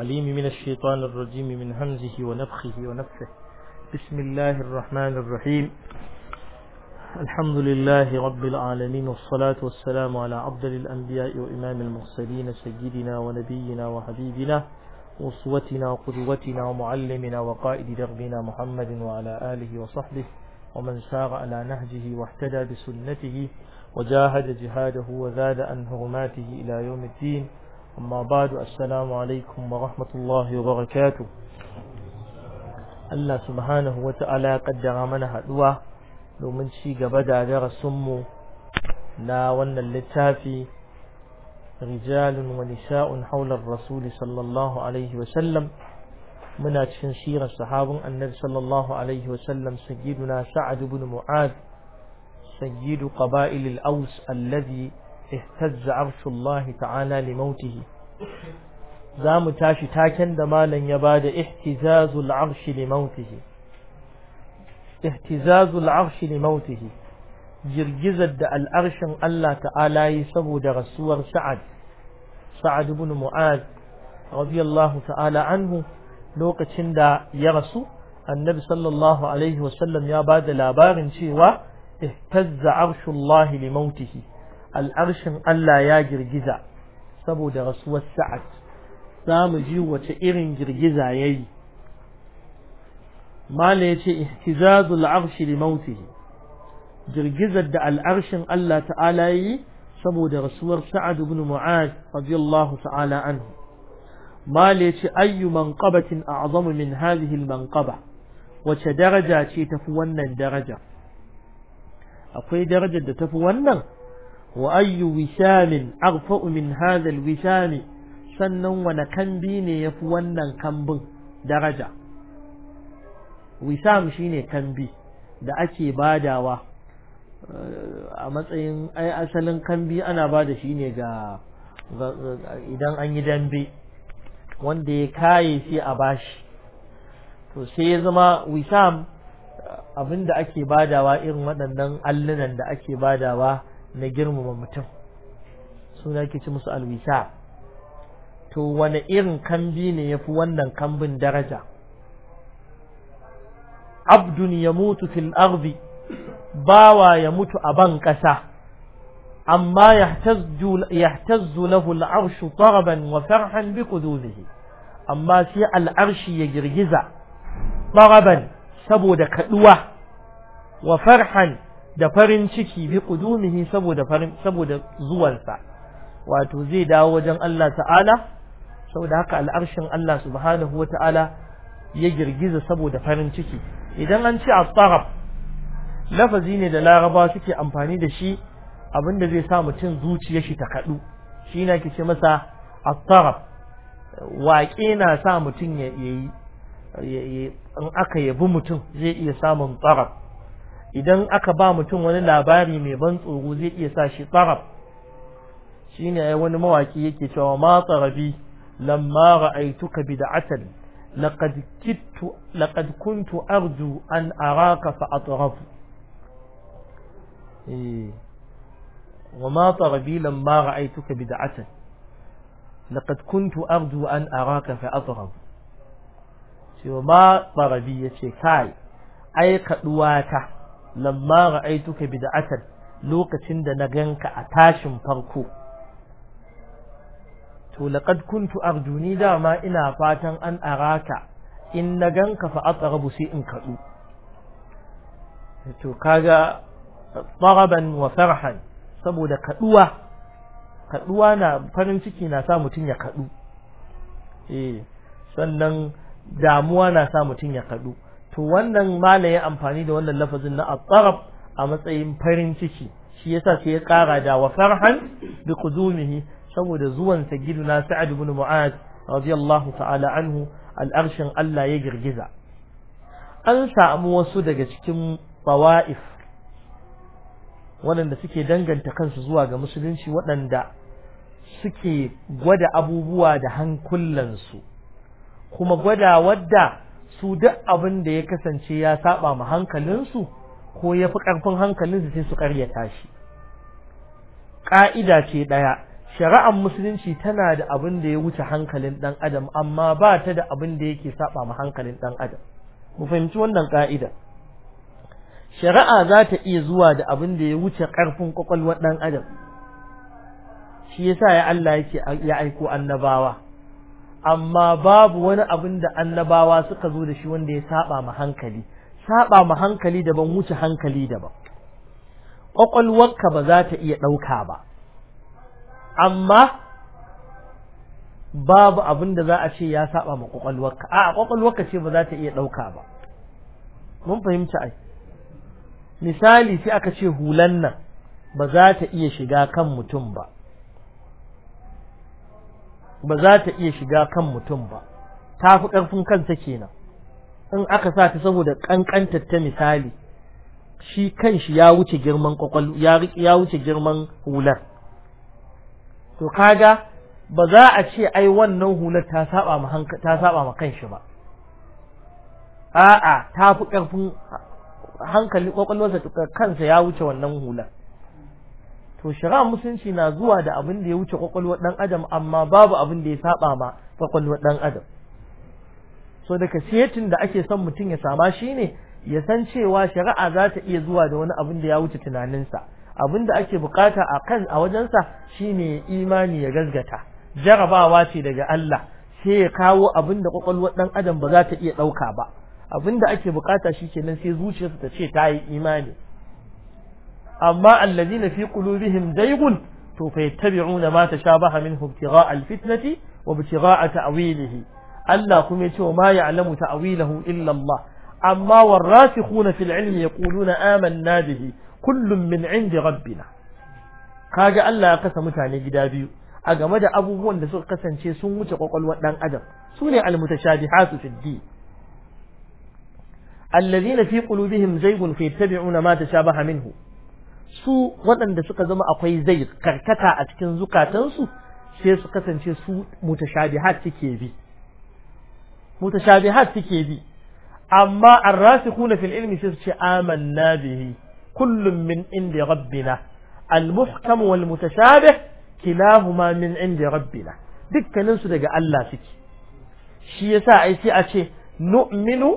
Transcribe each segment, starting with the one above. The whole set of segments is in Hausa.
التعليم من الشيطان الرجيم من همزه ونفخه ونفسه بسم الله الرحمن الرحيم الحمد لله رب العالمين والصلاة والسلام على عبد الأنبياء وإمام المرسلين سيدنا ونبينا وحبيبنا أسوتنا وقدوتنا ومعلمنا وقائد دربنا محمد وعلى آله وصحبه ومن سار على نهجه واحتدى بسنته وجاهد جهاده وزاد عن هرماته إلى يوم الدين أما بعد السلام عليكم ورحمة الله وبركاته Allah subhanahu wa ta'ala ya ƙaddara mana haɗuwa domin ci gaba da darasinmu na wannan littafi rijalun wa nisa'un haular rasuli sallallahu alaihi wasallam muna cikin sirar sahabin annabi sallallahu alaihi wasallam sayyiduna sa'ad ibn mu'ad sayyidu ƙaba'ilil aus aws اهتز عرش الله تعالى لموته زام تاشي تاكن دمالا يباد اهتزاز العرش لموته اهتزاز العرش لموته جرجزة دا الأرش الله تعالى يسبو دا رسول سعد سعد بن معاذ رضي الله تعالى عنه lokacin da ya rasu annabi sallallahu alaihi wasallam ya ba da labarin cewa ihtazza arshullahi li mautihi al'arshin Allah ya girgiza saboda rasuwar sa'ad za mu ji wace irin girgiza ya yi mala ya ce ihtizazul arshi li mautihi girgizar da al'arshin Allah ta'ala yi saboda rasuwar sa'ad ibn mu'az radiyallahu ta'ala anhu mala ya ce ayyu manqabatin a'zamu min hadhihi al-manqaba wace daraja ce tafi wannan daraja akwai darajar da tafi wannan وأي وسام أغفأ من هذا الوسام sannan wane kambi ne ya fi wannan kambin daraja wisam shine kambi da ake badawa a matsayin asalin kambi ana bada shi ne ga idan an yi dambe wanda ya kaye sai a bashi to sai ya zama wisam abinda ake badawa irin waɗannan allunan da ake badawa na girmama mutum suna ke ci musu alwisa to wane irin kambi ne ya fi wannan kambin daraja abdun ya mutu fil ardi bawa ya mutu a ban ƙasa amma yahtazzu lahu al'arshu taraban wa farhan bi quduzihi amma sai al'arshi ya girgiza taraban saboda kaduwa wa farhan da farin ciki bi kudumihi saboda farin saboda zuwansa wato zai dawo wajen Allah ta'ala saboda haka al'arshin Allah subhanahu wata'ala ya girgiza saboda farin ciki idan an ce at lafazi ne da laraba suke amfani da shi abinda zai sa mutum zuciyar shi ta kadu shi na ke ce masa at waƙe na sa mutum ya yi in aka yabi mutum zai iya samun tsarab idan aka ba mutum wani labari mai ban tsoro zai iya sa shi tsarab shine ai wani mawaki yake cewa ma tsarabi lamma ra'aituka bid'atan laqad kittu laqad kuntu arju an araka fa atrafu eh wa ma tsarabi lamma ra'aituka bid'atan laqad kuntu arju an araka fa atrafu cewa ma tsarabi yace kai ai kaduwa ta lamma ra'aituka bid'atan lokacin da na ganka a tashin farko to laqad kuntu arjuni dama ina fatan an araka in na ganka fa atrabu sai in kadu to kaga taraban wa farhan saboda kaduwa kaduwa na farin ciki na sa mutun ya kadu eh sannan damuwa na sa mutun ya kadu to wannan mala ya amfani da wannan lafazin na at-tarab a matsayin farin ciki shi yasa sai ya kara da wa farhan bi qudumihi saboda zuwan giduna sa'ad ibn mu'az radiyallahu ta'ala anhu al-arshin Allah ya girgiza an samu wasu daga cikin bawaif, wadanda suke danganta kansu zuwa ga musulunci wadanda suke gwada abubuwa da hankulansu kuma gwada wadda su duk abin da ya kasance ya saba ma hankalinsu ko ya fi ƙarfin hankalinsu sai su ƙaryata shi ƙa'ida ce ɗaya shari'ar musulunci tana da abin da ya wuce hankalin ɗan adam amma ba ta da abin da yake saba ma hankalin ɗan adam mu fahimci wannan ƙa'ida shari'a za ta iya zuwa da abin da ya wuce ƙarfin ƙwaƙwalwar ɗan adam shi yasa ya Allah yake ya aiko annabawa amma babu wani abin da annabawa suka zo da shi wanda ya saba ma hankali saba ma hankali daban wuce hankali daban ƙwaƙwalwarka ba za ta iya ɗauka ba amma babu abin da za a ce ya saba ma ƙwaƙwalwarka a ƙwaƙwalwarka ce ba za ta iya ɗauka ba mun fahimci ai misali sai aka ce hulan nan ba za ta iya shiga kan mutum ba ba za ta iya shiga kan mutum ba ta fi ƙarfin kansa kenan in aka sa ta saboda ƙanƙantar ta misali shi kanshi ya wuce girman kwakwal ya wuce girman hular to kaga ba za a ce ai wannan hular ta saba ma ta saba ma kanshi ba a'a ta fi ƙarfin hankali kwakwalwarsa kansa ya wuce wannan hular to shari'a musulunci na zuwa da abin da ya wuce kwakwalwar ɗan adam amma babu abin da ya saba ma kwakwalwar dan adam so daga siyatin da ake son mutum ya sama shi ne ya san cewa shari'a za ta iya zuwa da wani abin da ya wuce tunaninsa abin da ake bukata a kan a wajensa shine imani ya gazgata jarabawa ce daga Allah sai ya kawo abin da kwakwalwar ɗan adam ba za ta iya ɗauka ba abin da ake bukata shi kenan sai zuciyarsa ta ce ta yi imani amma allazina fi qulubihim zaygun to fa yattabi'una ma tashabaha minhu ibtigha'a alfitnati wa ibtigha'a ta'wilihi Allah kuma yace wa ma ya'lamu ta'wilahu illa Allah amma warasikhuna fil ilmi yaquluna amanna bihi kullun min 'indi rabbina kaga Allah ya kasa mutane gida biyu a game da abubuwan da suka kasance sun wuce kwakwalwar dan adam sune almutashabihatu fi din الذين في قلوبهم زيغ فيتبعون ما تشابه minhu. su waɗanda suka zama akwai zai karkata a cikin zukatansu sai su kasance su mutashabihat suke bi mutashabihat suke bi amma ar-rasikhuna fil ilmi sai su ce amanna bihi kullum min inda rabbina al-muhkam wal mutashabih kilahuma min inda rabbina dukkanin su daga Allah suke shi yasa ai sai a ce nu'minu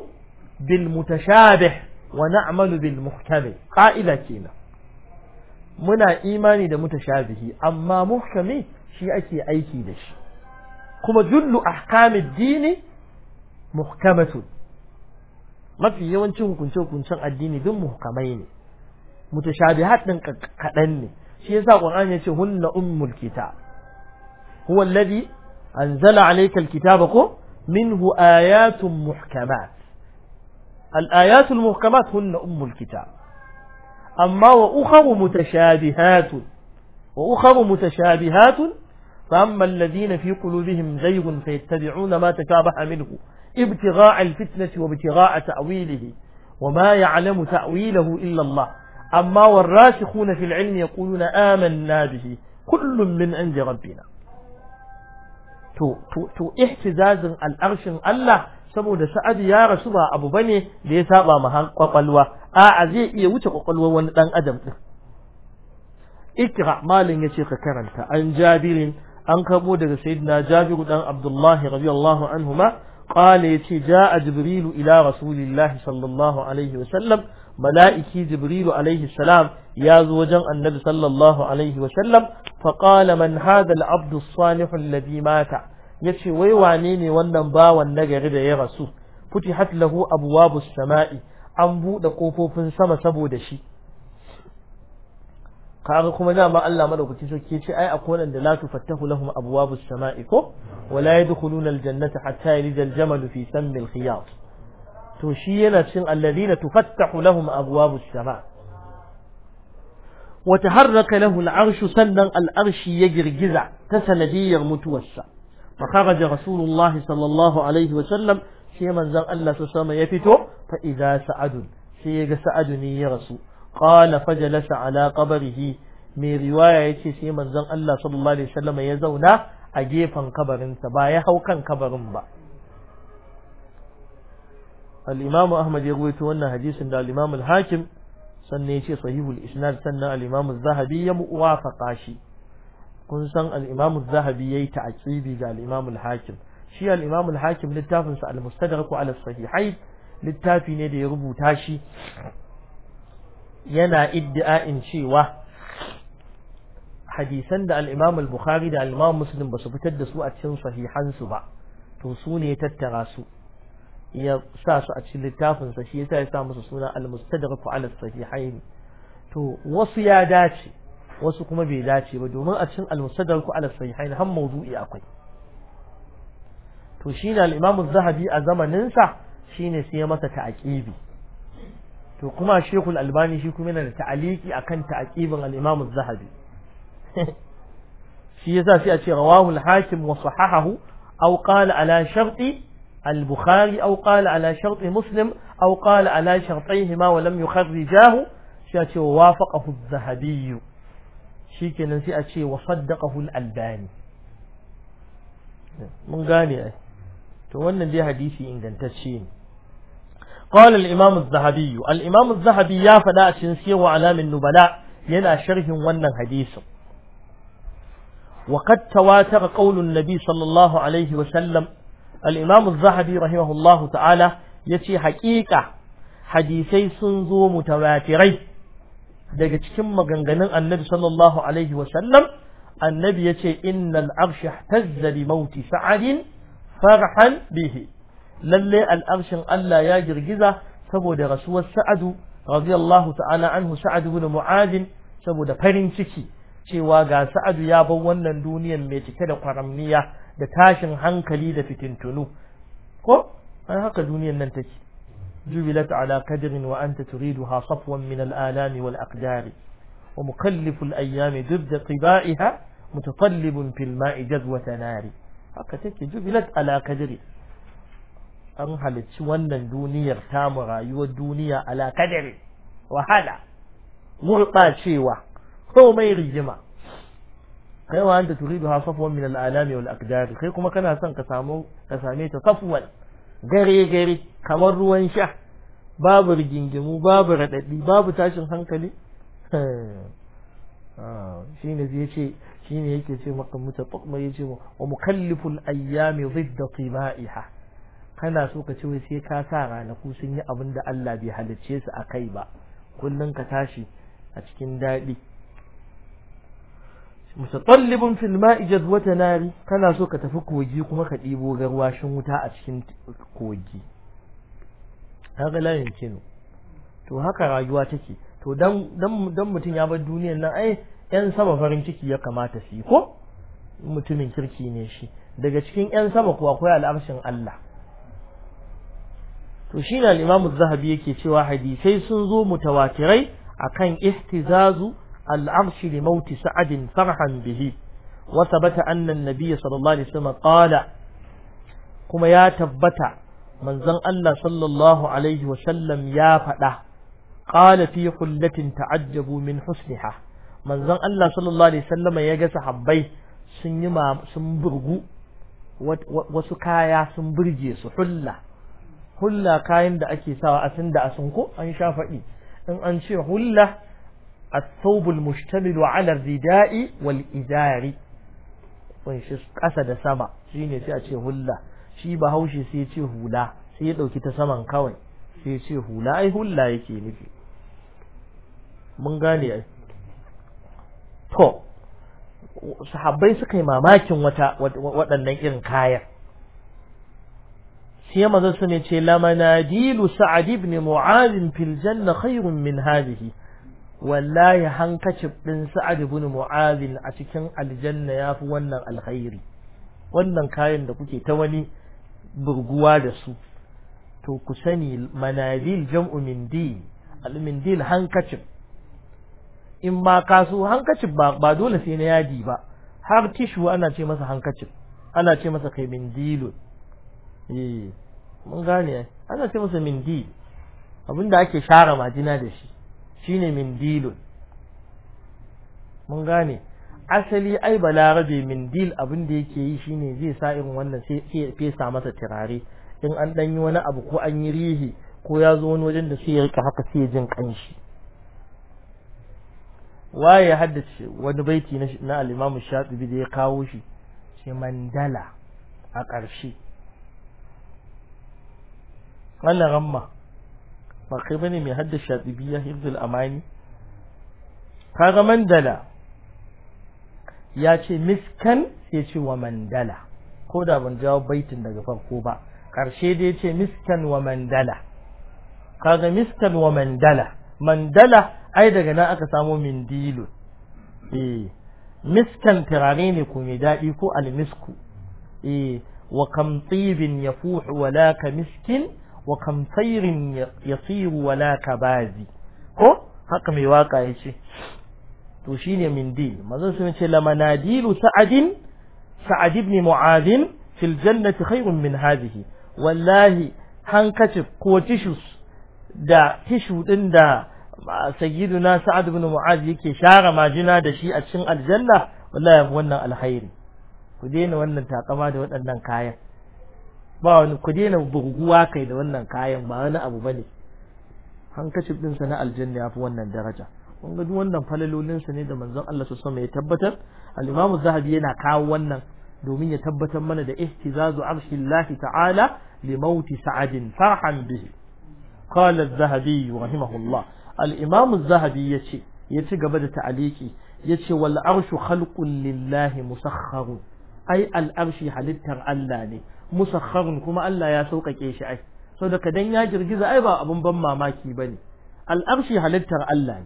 bil mutashabih wa na'malu bil muhkam qa'ila kenan muna imani da mutashabihi amma muhkami shi ake aiki da shi kuma jullu ahkamid dini muhkamatu mafi yawancin hukunce hukuncen addini din muhkamai ne mutashabihat din kadan ne shi yasa qur'ani yace hunna ummul kitab huwa alladhi anzala alayka alkitaba ku minhu ayatun muhkamat الآيات المحكمات hunna ummul kitab أما وأخر متشابهات وأخر متشابهات فأما الذين في قلوبهم زيغ فيتبعون ما تشابه منه ابتغاء الفتنة وابتغاء تأويله وما يعلم تأويله إلا الله أما والراسخون في العلم يقولون آمنا به كل من عند ربنا تو تو تو ihtizazin al'arshin الله saboda sa'adi يا رسول ba abu bane مهان وقلوه a'a zai iya wuce kwakwalwar wani dan adam din ikra malin yace ka karanta an jabirin an kabo daga sayyidina jabiru dan abdullahi radiyallahu anhuma qala yace jaa jibrilu ila rasulillahi sallallahu alaihi wa sallam mala'iki jibrilu alaihi salam ya zo wajen annabi sallallahu alaihi wa sallam fa qala man hadha al-abdu as-salihu alladhi mata yace wai wane ne wannan bawan nagari da ya rasu futihat lahu abwabus sama'i an buɗe ƙofofin sama saboda shi kaga kuma dama Allah madaukakin sarki ce ai akwai wanda la tufattahu lahum abwabus sama'i ko wala yadkhuluna aljannata hatta yalija aljamalu fi sammil khiyat to shi yana cin alladhina tufattahu lahum abwabus sama' wa taharraka lahu arshu sannan al'arshi ya girgiza ta sanadiyyar mutuwarsa fa kharaja rasulullahi sallallahu alaihi wa sallam sai manzon Allah su sama ya fito fa idza sa'adun sai ya ga sa'adu ne ya rasu qala fajalasa ala qabrihi mai riwaya yace sai manzon Allah sallallahu alaihi wasallam ya zauna a gefen kabarinsa ba ya hau kan kabarin ba al Ahmad ya rawaito wannan hadisin da al-Imam al-Hakim sannan ya ce sahihul isnad sannan al-Imam az-Zahabi ya muwafaqa shi kun san al az-Zahabi yayi ta'kibi ga al-Imam al-Hakim shi al'imamul hakim littafinsa sa al-mustadrak ala sahihai littafi ne da ya rubuta shi yana iddi'ain cewa hadisan da al'imamul bukhari da al'imamul musulun ba basu fitar da su a cikin sahihansu ba to su ne tattara su ya sa su a cikin littafinsa sa shi yasa ya sa musu suna al-mustadrak ala sahihain to wasu ya dace wasu kuma bai dace ba domin a cikin al-mustadrak ala sahihain har mawdu'i akwai to shi ne al'imamu zahabi a zamaninsa shi ne sai masa ta'aƙibi to kuma shekul albani shi kuma yana da ta'aliki a kan ta'aƙibin al'imamu zahabi shi yasa sai a ce rawahul hakim wa sahahahu aw qala ala sharti al-bukhari qala ala sharti muslim aw qala ala shartayhima wa lam yukharrijahu shi a ce wafaqahu az-zahabi shikenan sai a ce wa saddaqahu al-albani mun gane ai to wannan dai hadisi ingantacce ne قال الامام الذهبي الامام الذهبي يا فدا عشان سيوا علام النبلاء ينا شرح wannan hadisi وقد تواتر قول النبي صلى الله عليه وسلم الامام الذهبي رحمه الله تعالى yace haqiqa hadisi sun zo mutawatirai daga cikin maganganun annabi sallallahu alaihi wa sallam annabi yace innal arsh ihtazza bi mauti sa'adin farhan bihi lalle al'arshin Allah ya girgiza saboda rasuwar sa'adu radiyallahu ta'ala anhu sa'adu ibn mu'adin saboda farin ciki cewa ga sa'adu ya bar wannan duniyar mai cike da kwaramniya da tashin hankali da fitintunu ko an haka duniyar nan take jubilat ala qadrin wa anta turiduha safwan min al-alami wal aqdari ومكلف الأيام ضد قبائها متطلب في الماء جذوة نار haka take jubilat ala kadri an halicci wannan duniyar tamu rayuwar duniya ala kadri wahala gurɓacewa mai rigima kai wa anta turidu ha safwan min al'alami wal aqdar kai kuma kana son ka samu ka same ta safwan gare gare kamar ruwan sha babu rigingimu babu radadi babu tashin hankali ah, shine zai ce shine yake ce maka mutaqamma yace wa al-ayami zidda tibaiha kana so ka ce wai sai ka sa ranaku sun yi abin da Allah bai halicce su a kai ba kullun ka tashi a cikin daɗi mutatallibun fil ma'i jadwata nari kana so ka tafi kogi kuma ka ɗibo garwashin wuta a cikin kogi haka la kino. to haka rayuwa take to dan dan mutum ya bar duniyar nan ai 'yan sama farin ciki ya kamata su yi ko mutumin kirki ne shi daga cikin 'yan sama kuwa akwai al'arshin Allah to shi na limamu zahabi yake cewa hadisai sun zo mutawatirai akan ihtizazu al'arshi li mauti sa'adin farhan bihi wa bata annan nabiya sallallahu alaihi wasallam qala kuma ya tabbata manzon Allah sallallahu alaihi wasallam ya faɗa qala fi hullatin ta'ajjabu min husniha manzon Allah sallallahu alaihi wasallama ya ga sahabbai sun yi sun burgu wasu kaya sun burge su hulla hulla kayan da ake sawa a asin da asin ko an sha faɗi in an ce hulla الثوب المشتمل على الرداء والإزار shi ƙasa da sama shi ne sai a ce hulla shi ba haushi sai ce hula sai ya ɗauki ta saman kawai sai ce hula ai hulla yake nufi mun gane to sahabbai suka yi mamakin wata waɗannan irin kayan sai mazan su ne ce lamanadilu sa'ad ibn mu'az fil janna khairun min hadhihi wallahi hankacin din sa'ad ibn mu'az a cikin aljanna yafi wannan alkhairi wannan kayan da kuke ta wani burguwa da su to ku sani manadil jam'u min al min hankacin in ma ka so hankacin ba dole sai na yadi ba har tishu ana ce masa hankacin ana ce masa kai mindilun eh mun gane ana ce masa abin da ake share majina da shi shine mindilun mun gane asali ai balarabe mindil abin da yake yi shine zai sa irin wannan sai ya fesa masa turare in an danyi yi wani abu ko an yi rihi ko ya zo wani wajen da sai ya rika haka sai ya jin kanshi waye ya haddace wani baiti na al-Imam Shatibi da ya kawo shi ce mandala a ƙarshe wannan ramma ba kai bane mai haddace Shatibi ya Hibdul Amani kaga mandala ya ce miskan sai ce wa mandala ko da ban jawo baitin daga farko ba ƙarshe dai ya ce miskan wa mandala kaga miskan wa mandala mandala ai daga nan aka samo mindilu. eh miskan turare ne ko mai daɗi ko almisku eh wa kam tsibin ya fuhu wala ka miskin wa kam tsairin ya tsiru wala ka bazi ko haka mai waka ya ce to shine mindil manzo sun ce lamanadilu sa'adin sa'ad ibn mu'adh fil jannati khairun min hadhihi wallahi hankacif ko tissues da tishu din da sayyiduna sa'ad ibn mu'az yake share majina da shi a cikin aljanna wallahi wannan alkhairi ku daina wannan takama da waɗannan kayan ba wani ku daina burguwa kai da wannan kayan ba wani abu bane hankacin din sa na aljanna ya yafi wannan daraja kun ga duk wannan falalolin sa ne da manzon Allah su sama ya tabbatar al-Imam Zahabi yana kawo wannan domin ya tabbatar mana da ihtizazu arshillahi ta'ala li mauti sa'adin farhan bihi qala zahabi rahimahullah al-imam az-zahabi yace gaba da ta'aliki yace wal arshu khalqun lillahi musakhkharun ay al halittar Allah ne musakhkharun kuma Allah ya sauƙaƙe shi ai saboda kadan ya girgiza ai ba abun ban mamaki bane al arshi halittar Allah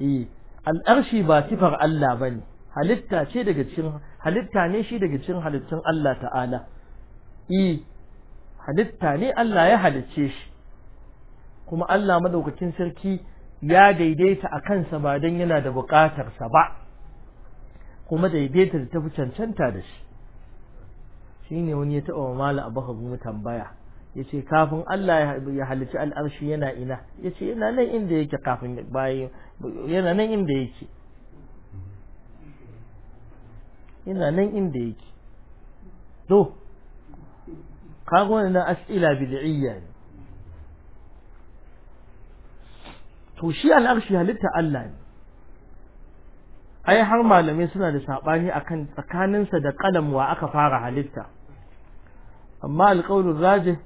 ne eh ba sifar Allah bane halitta ne shi daga cikin halittun Allah ta'ala eh halitta ne Allah ya halicce shi kuma Allah madaukakin sarki ya daidaita a kansa ba don yana da buƙatarsa ba kuma daidaita da tafi cancanta da shi shi ne wani ya taɓa wa mala abu hagu tambaya ya ce kafin Allah ya halici al'arshi yana ina ya ce yana nan inda yake kafin bayan yana nan inda yake yana nan inda yake to قالوا لنا أسئلة بدعية توشيئة الأغشية للتألم أي حرمى لم يسنى لسعباني أكان تكانن سد قلم وأكفار حلبتا أما القول الراجح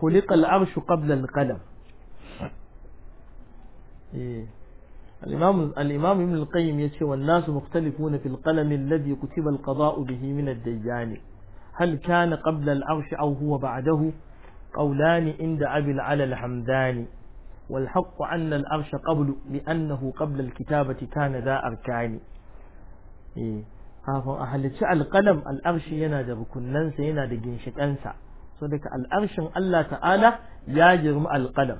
خلق الأغش قبل القلم إيه. الإمام, الإمام ابن القيم يتشوى الناس مختلفون في القلم الذي كتب القضاء به من الديان الديان هل كان قبل العرش أو هو بعده قولان عند أبي العلى الحمداني والحق أن العرش قبل لأنه قبل الكتابة كان ذا أركان إيه. أهل شاء القلم الأرش ينادى ننسى ينادى جنش أنسى صدق الأرش الله تعالى يجرم مع القلم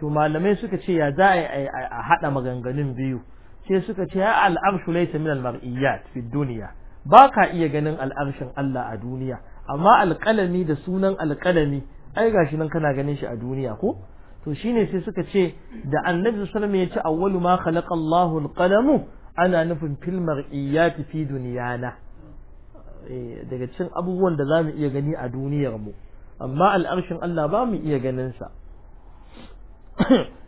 ثم لم يسك شيء يدائي أحد مغنغنين بيو شيء يسك شيء الأرش ليس من المرئيات في الدنيا ba ka iya ganin al'arshin Allah a duniya amma alƙalami da sunan alƙalami ai gashi nan kana ganin shi a duniya ko to shine sai suka ce da annabi sallallahu alaihi wasallam ya ce awwalu ma khalaqa Allahu alqalamu ana nufin filmar iyati fi duniyana. Eh, daga cikin abubuwan da zamu iya gani a duniyar mu amma al'arshin Allah ba mu iya ganin sa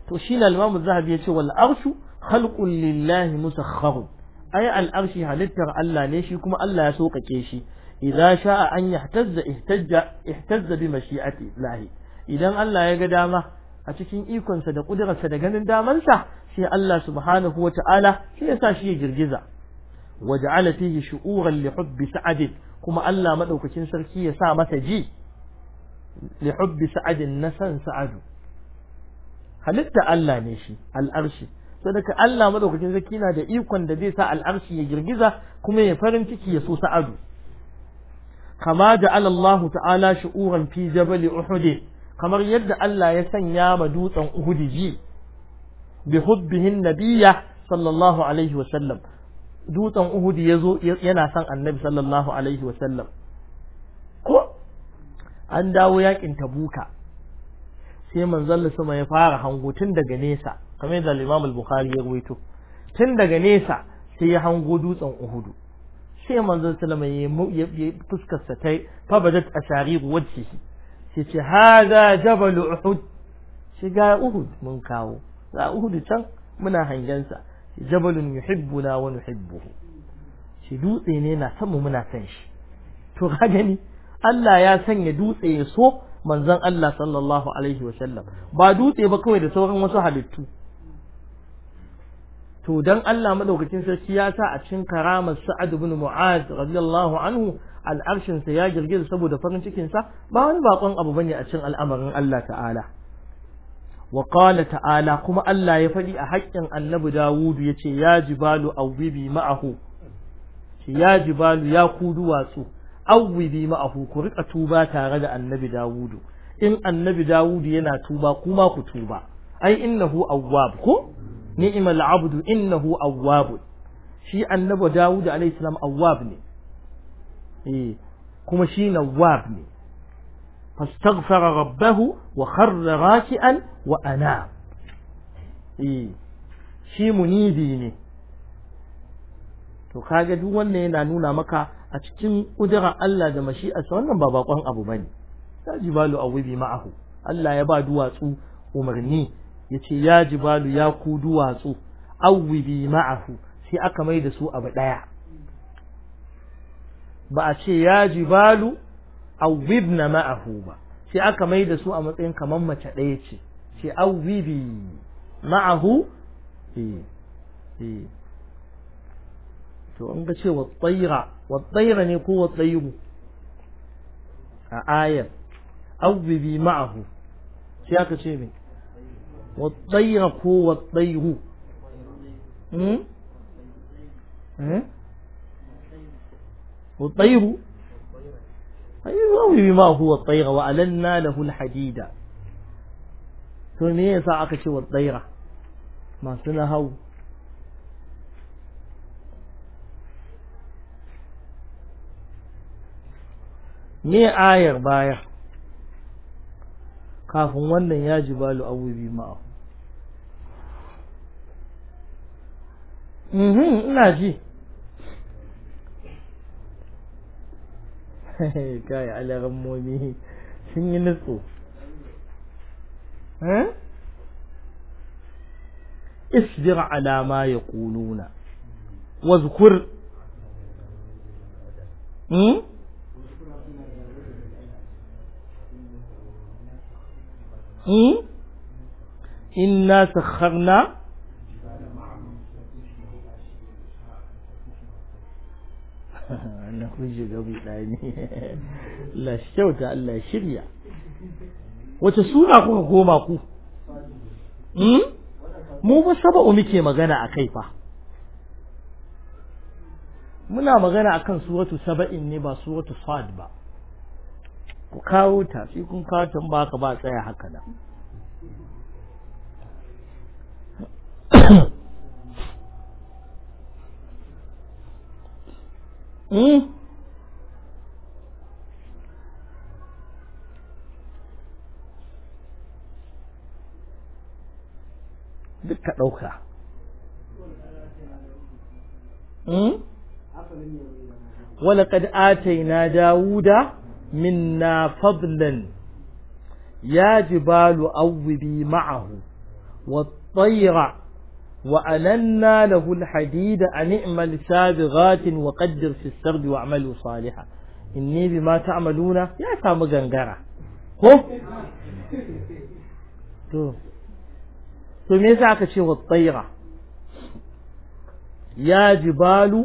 to shine al-Imam Zahabi ya ce wal arshu khalqun lillahi musakhkharun ai al'arshi halittar Allah ne shi kuma Allah ya sokake shi idza sha'a an yahtazza ihtajja ihtazza bi mashi'ati lahi idan Allah ya ga dama a cikin ikonsa da kudurarsa da ganin damansa sai Allah subhanahu wata'ala sai ya sa shi ya girgiza waja'ala fihi shu'uran li hubbi sa'ad kuma Allah madaukakin sarki ya sa masa ji li hubbi sa'ad na san sa'adu halitta Allah ne shi al'arshi sadaka Allah madaukakin sarki na da ikon da zai sa al'arshi ya girgiza kuma ya farin ciki ya so sa'adu kama da Allah ta'ala shu'uran fi jabal uhud kamar yadda Allah ya sanya ma dutsen uhud ji bi hubbihin nabiyya sallallahu alaihi wa sallam dutsen uhud yazo yana son annabi sallallahu alaihi wa sallam ko an dawo yakin tabuka sai manzon sama ya fara hango tun daga nesa kamar da Imam al-Bukhari ya rawaito tun daga nesa sai ya hango dutsen Uhudu sai manzon sallama ya fuskar sa tai fa badat asharir wajhihi sai ce hada jabal Uhud shiga Uhud mun kawo za Uhud can muna hangen sa jabalun yuhibbuna wa nuhibbuhu shi dutse ne na san mu muna san shi to ga gani Allah ya sanya dutse ya so manzon Allah sallallahu alaihi wa sallam ba dutse ba kawai da sauran wasu halittu to dan Allah madaukakin sarki ya sa a cikin karamar Sa'ad ibn Mu'az radiyallahu anhu al'arshin sa ya girgiza saboda farin cikin sa ba wani bakon abu bane a cikin al'amarin Allah ta'ala wa qala ta'ala kuma Allah ya fadi a haƙƙin Annabi Dawud yace ya jibalu awbibi ma'ahu ya jibalu ya kudu watsu awwidi ma'ahu ku rika tuba tare da annabi dawudu in annabi dawudu yana tuba kuma ku tuba ai innahu awwab ko ni'mal abdu innahu awwab shi annabi dawudu alayhi salam awwab ne eh kuma shi nawwab ne fastaghfara rabbahu wa kharra raki'an wa ana eh shi munibi ne to kaga duk wannan yana nuna maka a cikin ƙudura Allah da mashi'arsa wannan ba bakon abu bane ya jibalu wubi ma'ahu Allah ya ba duwatsu umarni ya ce ya jibalu ya ku duwatsu wubi ma'ahu sai aka mai da su abu ɗaya. ba a ce ya jibalu na ma'ahu ba sai aka mai da su a matsayin kamar mace ɗaya ce sai wubi ma'ahu eh, eh. to an ga cewa tsaira wa tsaira ne ko wa tsayiru a ayar abubi ma'ahu sai aka ce mai wa tsaira ko wa tsayiru hmm? hmm? wa tsayiru abubi ma'ahu wa tsaira wa alanna lahul hadida to ya yasa aka ce wa tsaira masu hau me ayar baya kafin wannan ya ji balu abubi ma'ahu mhm ina ji kai alaran momi sun yi nutso isbir ala ma yaquluna wazkur hmm inna sakharna na kunshi gabi ɗaya ne Allah shi kyauta Allah shirya wace suna kuka koma ku mu ba saba'u muke magana a kai fa muna magana akan suratu saba'in ne ba suratu fad ba ku kawo ta sai kun kawo ta ba ka ba tsaya haka nan Mm. duk ɗauka. Hmm? Wala ƙad'atai na Dawuda منا فضلا يا جبال أوبي معه والطير وألنا له الحديد أن اعمل سابغات وقدر في السرد واعملوا صالحا إني بما تعملون يا سام غنغرة هو تو تو me yasa aka ce wattaira ya jibalu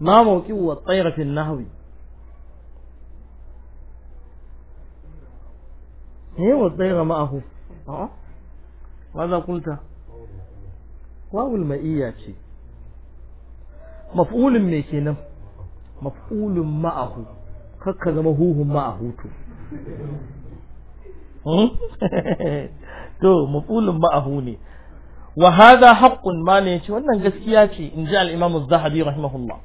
ما موكب في النهوي هي والطيرة ما هو آه. ماذا قلت واو المئية شيء مفعول ميكينا مفؤول ما هو كك ما هو ما هو تو مفؤول مفعول ما هو ني وهذا حق ما نيشي وانا نجسكي ياتي ان جاء الامام الزهبي رحمه الله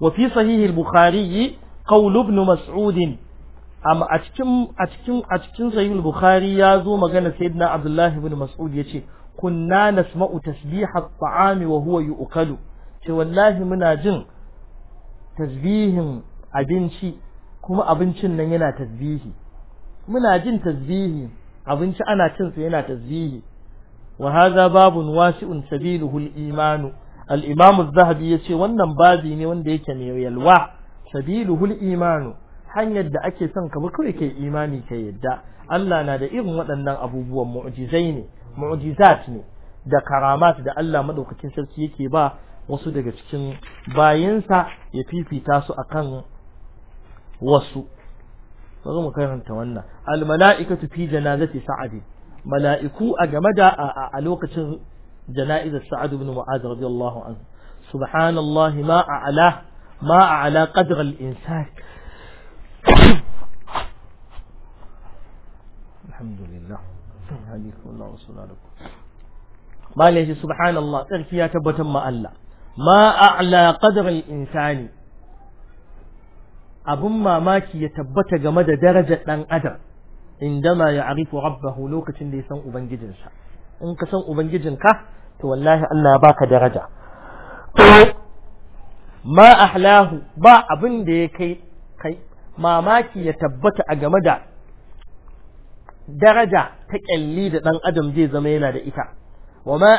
وفي صحيح البخاري قول ابن مسعود أما أتكم أتكم أتكم صحيح البخاري يازو مغانا سيدنا عبد الله بن مسعود يشي كنا نسمع تسبيح الطعام وهو يؤكل ce wallahi muna jin tasbihin abinci kuma abincin nan yana tasbihi muna jin tasbihi abinci ana cin sa yana tasbihi wa babu babun wasi'un imanu al-imam az-zahabi yace wannan babi ne wanda yake ne yalwa sabiluhul imanu hanyar da ake son ka kawai kai imani ka yadda Allah na da irin waɗannan abubuwan mu'jizai ne mu'jizat ne da karamat da Allah madaukakin sarki yake ba wasu daga cikin bayinsa ya fifita su akan wasu bari mu karanta wannan al mala'ikatu fi janazati sa'ad mala'iku a game da a lokacin جنائز سعد بن معاذ رضي الله عنه سبحان الله ما أعلاه ما أعلى قدر الإنسان الحمد لله هذه الله وصلى ما ليش سبحان الله تركيا تبت ما ألا ما أعلى قدر الإنسان أبو ما ماكي يتبت جمد درجة من أدر عندما يعرف ربه لوكة ليسن أبنججنسا إن كسن كه to wallahi Allah baka daraja ma ahlahu ba abin da ya kai kai mamaki ya tabbata a game da daraja ta kyalli da dan adam zai zama yana da ita wa ma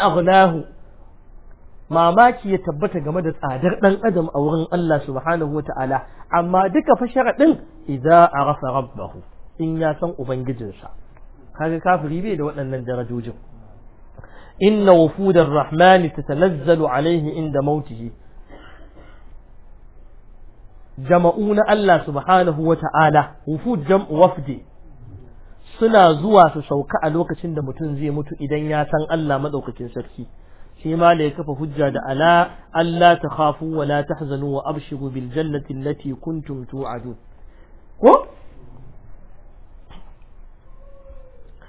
mamaki ya tabbata game da tsadar dan adam a wurin Allah subhanahu wataala amma duka fa sharadin idza arafa rabbahu in ya san ubangijinsa kaga kafiri bai da waɗannan darajojin inna wufudar rahmani tatalazzalu alaihi inda mautihi jama'u na Allah subhanahu wa ta'ala wufud jam'u wafdi suna zuwa su sauka a lokacin da mutum zai mutu idan ya san Allah maɗaukacin sarki shi da ya kafa hujja da ala Allah ta khafu wa la tahzanu wa abshiru bil jannati allati kuntum tu'adun ko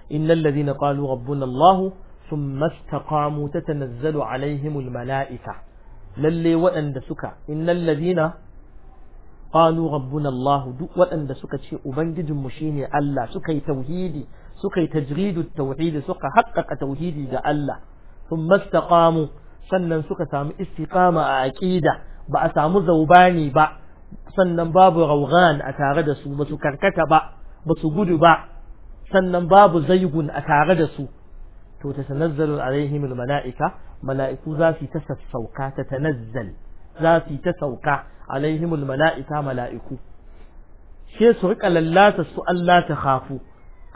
innal ladhina qalu rabbuna Allah ثم استقاموا تتنزل عليهم الملائكة للي وأن دسك إن الذين قالوا ربنا الله دو وأن دسك شيء أبنجد مشيني ألا سكي توحيدي سكي تجريد التوحيد سكي حقق توحيدي دا ألا ثم استقاموا sannan suka samu istiqama a aqida ba a samu zaubani ba sannan babu rawghan a tare da su ba su karkata ba ba su gudu ba sannan babu zaygun a tare da su تتنزل عليهم الملائكة ملائكة ذاتي في تتنزل ذاتي في تسوكا عليهم الملائكة ملائكة شيء سرق لله تسؤال لا تخافوا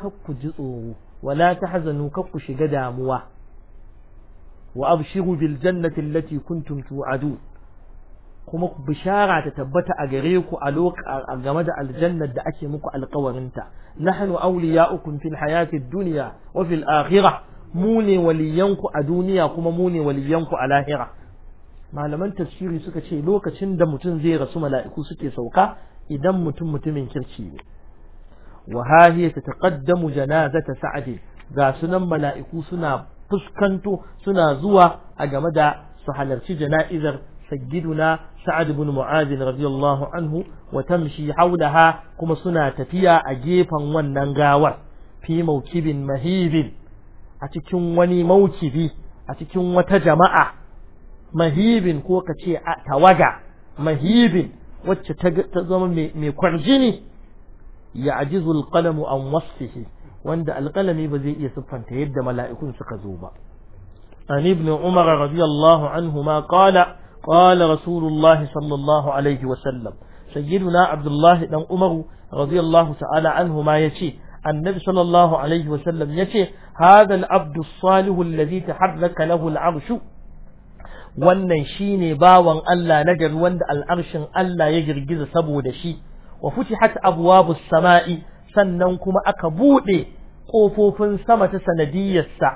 كبك جئوه ولا تحزنوا كبك شقد موا وأبشروا بالجنة التي كنتم توعدون كم بشارة تتبت أغريك ألوك أغمد الجنة دأشي مك القورنت نحن أولياؤكم في الحياة الدنيا وفي الآخرة mu ne waliyanku a duniya kuma mu ne waliyanku a lahira malaman tafsiri suka ce lokacin da mutum zai rasu mala'iku suke sauka idan mutum mutumin kirki ne wa hahiya ta taqaddamu janazata sa'adi ga sunan mala'iku suna fuskanto suna zuwa a game da su halarci jana'izar sayyiduna sa'ad ibn mu'adh radiyallahu anhu wa tamshi hawlaha kuma suna tafiya a gefen wannan gawar fi mawkibin mahibin a cikin wani maukibi a cikin wata jama'a mahibin ko ka ce a tawaga mahibin wacce ta zama mai kwarjini ya ajizu alƙalamu an wasfihi wanda alƙalami ba zai iya siffanta yadda mala'ikun suka zo ba an ibn umar radiyallahu anhu ma qala qala rasulullahi sallallahu alaihi wa sayyiduna abdullahi dan umaru radiyallahu ta'ala anhu ma yace annabi sallallahu alaihi wasallam ya ce hadal abdu salihu allazi taharraka lahu al'arshu wannan shine bawan Allah na gari wanda al'arshin Allah ya girgiza saboda shi wa futihat abuwabu sama'i sannan kuma aka bude kofofin sama ta sanadiyyarsa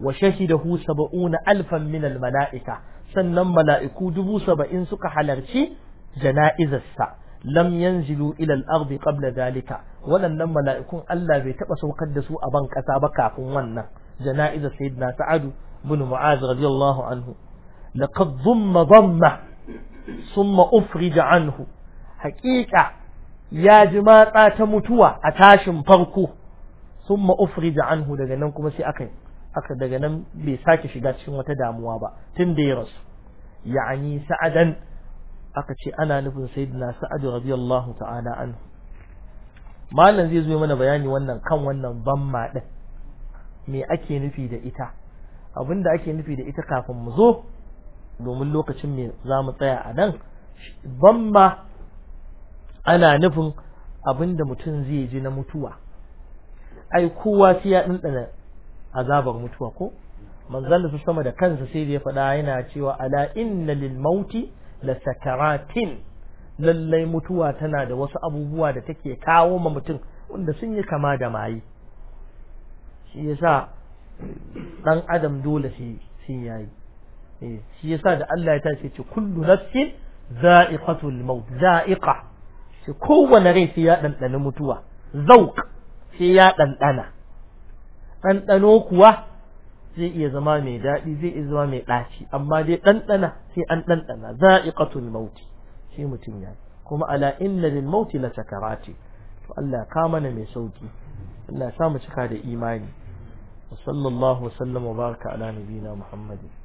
wa shahidahu sab'una alfan min al mala'ika sannan mala'iku dubu saba'in suka halarci jana'izarsa lam yanzilu ila al-ardi qabla dhalika waɗannan mala'ikun Allah bai taba saukar da su a ban kasa ba kafin wannan jana'iza sayyidina sa'adu ibn mu'az radiyallahu anhu laqad dhamma dhamma thumma ufrija anhu haqiqa ya ji matsa ta mutuwa a tashin farko thumma ufrija anhu daga nan kuma sai aka aka daga nan bai sake shiga cikin wata damuwa ba tun da ya rasu yani sa'adan aka ce ana nufin sayyidina sa'ad radiyallahu ta'ala anhu malam zai zo mana bayani wannan kan wannan bamma din me ake nufi da ita abinda ake nufi da ita kafin mu zo domin lokacin me za mu tsaya a nan bamma ana nufin abinda mutum zai ji na mutuwa ai kowa sai ya dindana azabar mutuwa ko manzon da sama da kansa sai da ya faɗa yana cewa ala inna lil mauti la sakaratin lallai mutuwa tana da wasu abubuwa da take kawo ma mutum wanda sun yi kama da maye shi yasa dan adam dole sai sun yayi eh, shi yasa da Allah ya tace ce kullu nafsin za'iqatul maut za'iqa shi kowanne rai sai ya dandana mutuwa zauq sai ya dandana dandano kuwa zai iya zama mai daɗi zai iya zama mai ɗaci amma dai ɗanɗana sai an ɗanɗana za'iqatul mauti sai mutum ya kuma ala inna lil mauti la sakarati to Allah ka mana mai sauki Allah ya sa mu cika da imani sallallahu wa sallama baraka ala nabiyina muhammadin